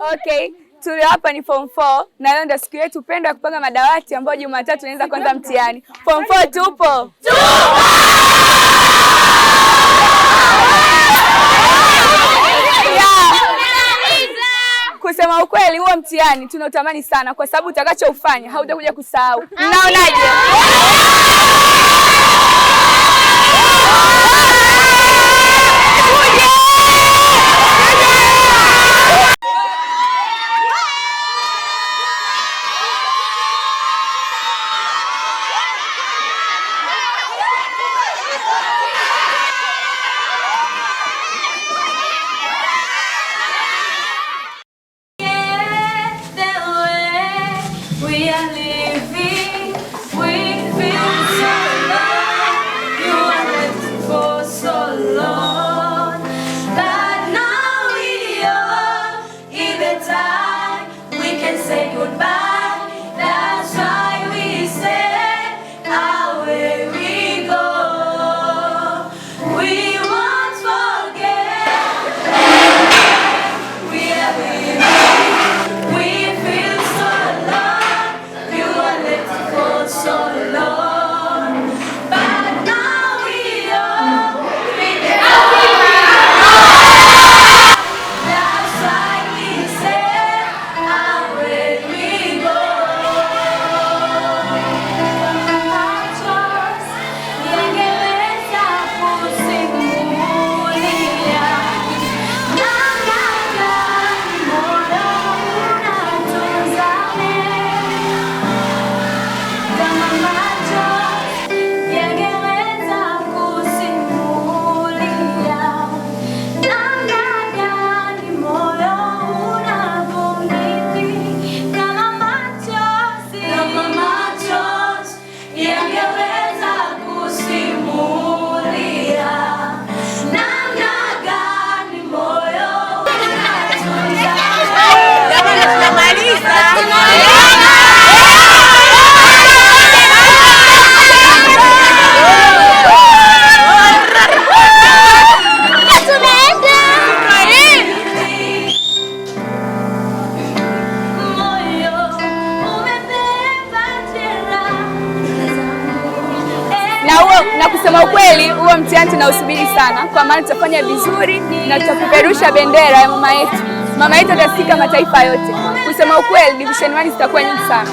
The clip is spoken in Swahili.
Okay, tulio hapa ni form 4 na leo ndio siku yetu pendwa ya kupanga madawati ambayo Jumatatu tunaanza kwanza mtihani. Form 4 tupo? Kusema ukweli, huo mtihani tunautamani sana, kwa sababu utakachofanya hautakuja kusahau. Mnaonaje? Yeah. Kusema ukweli, huo mtihani tunausubiri sana, kwa maana tutafanya vizuri na tutapeperusha bendera ya mama yetu. Mama yetu atasikika mataifa yote. Kusema ukweli, division 1 zitakuwa nyingi sana.